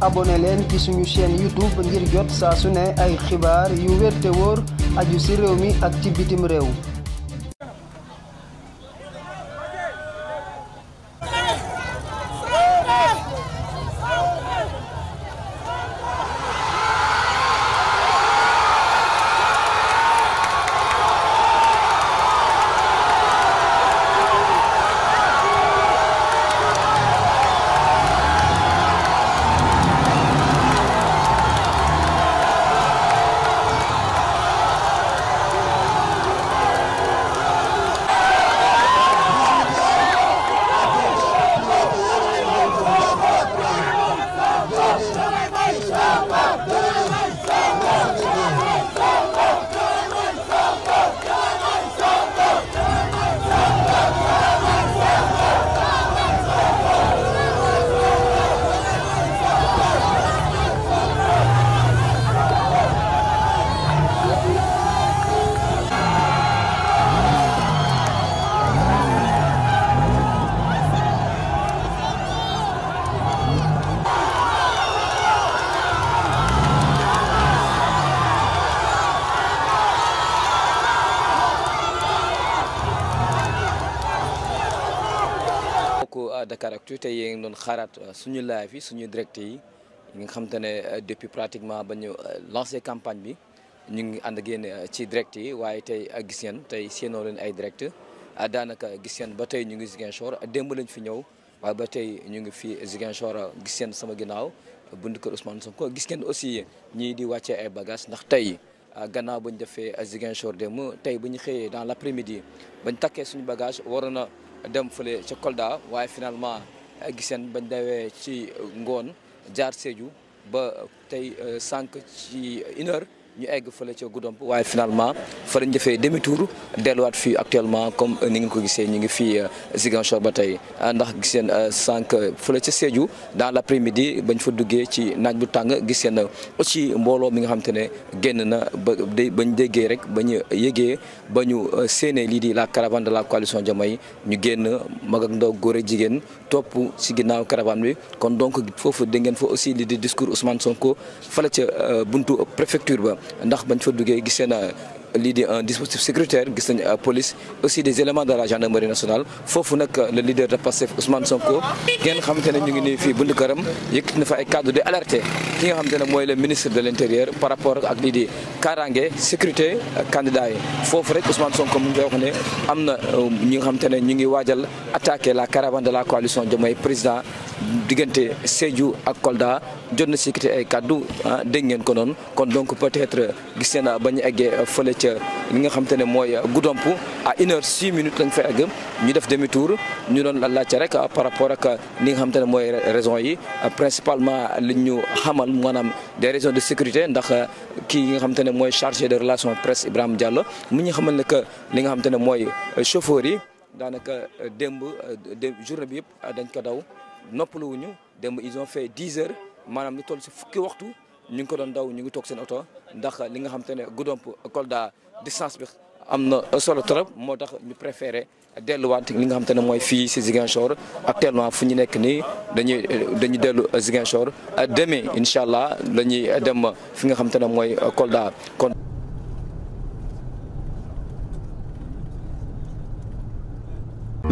abone leen ci suñu chaîne YouTube ngir jot saa su ne ay xibaar yu wér te wóor ci réew mi ak ci bitim réew waa Dakaractu tey yéen doon xaaraat euh, suñu live yi suñu direct yi nga xam ne euh, depuis pratiquement ba ñu euh, lancé campagne bi ñu ngi ànd ak ci direct yi waaye tey gis ngeen tey séenoo leen ay direct daanaka gis ngeen ba tey ñu ngi Ziguinchor démb lañ fi ñëw waaye ba tey ñu ngi fi Ziguinchor gis ngeen sama ginnaaw bunt kër Ousmane ko gis ngeen aussi ñii di wàccee ay bagages ndax tey. gannaaw ba ñu defee Ziguinchor démb tey bu ñu xëyee dans l' après dem fële ci Kolda waaye finalement eh, giseen bañ dawee ci ngoon jaar Sédhiou ba tey eh, sànq ci une ñu egg fële ca Goudomp waaye finalement fa lañ defee demi tour delluwaat fii actuellement comme euh, ni ngeen ko gisee ñu ngi fii euh, Ziguinchor ba tey euh, ndax gis ngeen sànq fële ca Sédhiou dans l' après midi bañ fa duggee ci naaj bu tàng gis na aussi mbooloo mi nga xam ne génn na ba bañ déggee rek ba ñu yëgee ba ñu séenee lii di la caravane de la coalition Diomaye ñu génn mag ak ndaw góor ak jigéen topp si ginnaaw caravane bi kon donc foofu dégg ngeen fa aussi lii di discours Ousmane Sonko fële ca buntu préfecture ba. ndax bañ fa duggee gisee na euh, lii di un dispositif sécuritaire gis nañu euh, police aussi des éléments de la gendarmerie nationale foofu nag euh, le leader de Pastef Ousmane Sonko ngeen xamante ne ñu ngi nii fii buntu këram yëkkati na fa ay cadre de alerté ki nga te ne mooy le ministre de l' intérieur par rapport ak lii di kaaraange sécurité candidat yi foofu rek usman Sonko mu ngi wax ne am na ñi nga xamante ne ñu ngi waajal attaquer la caravane de la coalition Diomaye président diggante Sédhiou ak Kolda jot na sikkite ay kàddu ah dégg ngeen ko noonu kon donc peut-être euh, gis na ah, ba ñu eggee euh, fële ca li nga xam te ne mooy euh, Goudomp à une heure six minutes lañ fa egg ñu def demi tour ñu la laajte rek ah, par rapport ak li nga xam te ne mooy raison yi principalement li ñu xamal maanaam des raisons de sécurité ndax kii nga xam te ne mooy chargé de relation presse Ibrahima Diallo mu ñu xamal ne que li nga xam te ne mooy chauffeur yi daanaka démb journée bi yëpp dañ ko daw. noppaluwuñu démb ils ont fait dix heures maanaam ni toll si fukki waxtu ñu ngi ko doon daw ñu ngi toog seen oto ndax li nga xam te ne Goudomp Kolda distance bi am na solo trop moo tax ñu préféré delluwaat li nga xam te ne mooy fii si Ziguinchor actuellement fu ñu nekk nii dañuy dañuy dellu Ziguinchor demain incha allah la ñuy dem fi nga xam te ne mooy Kolda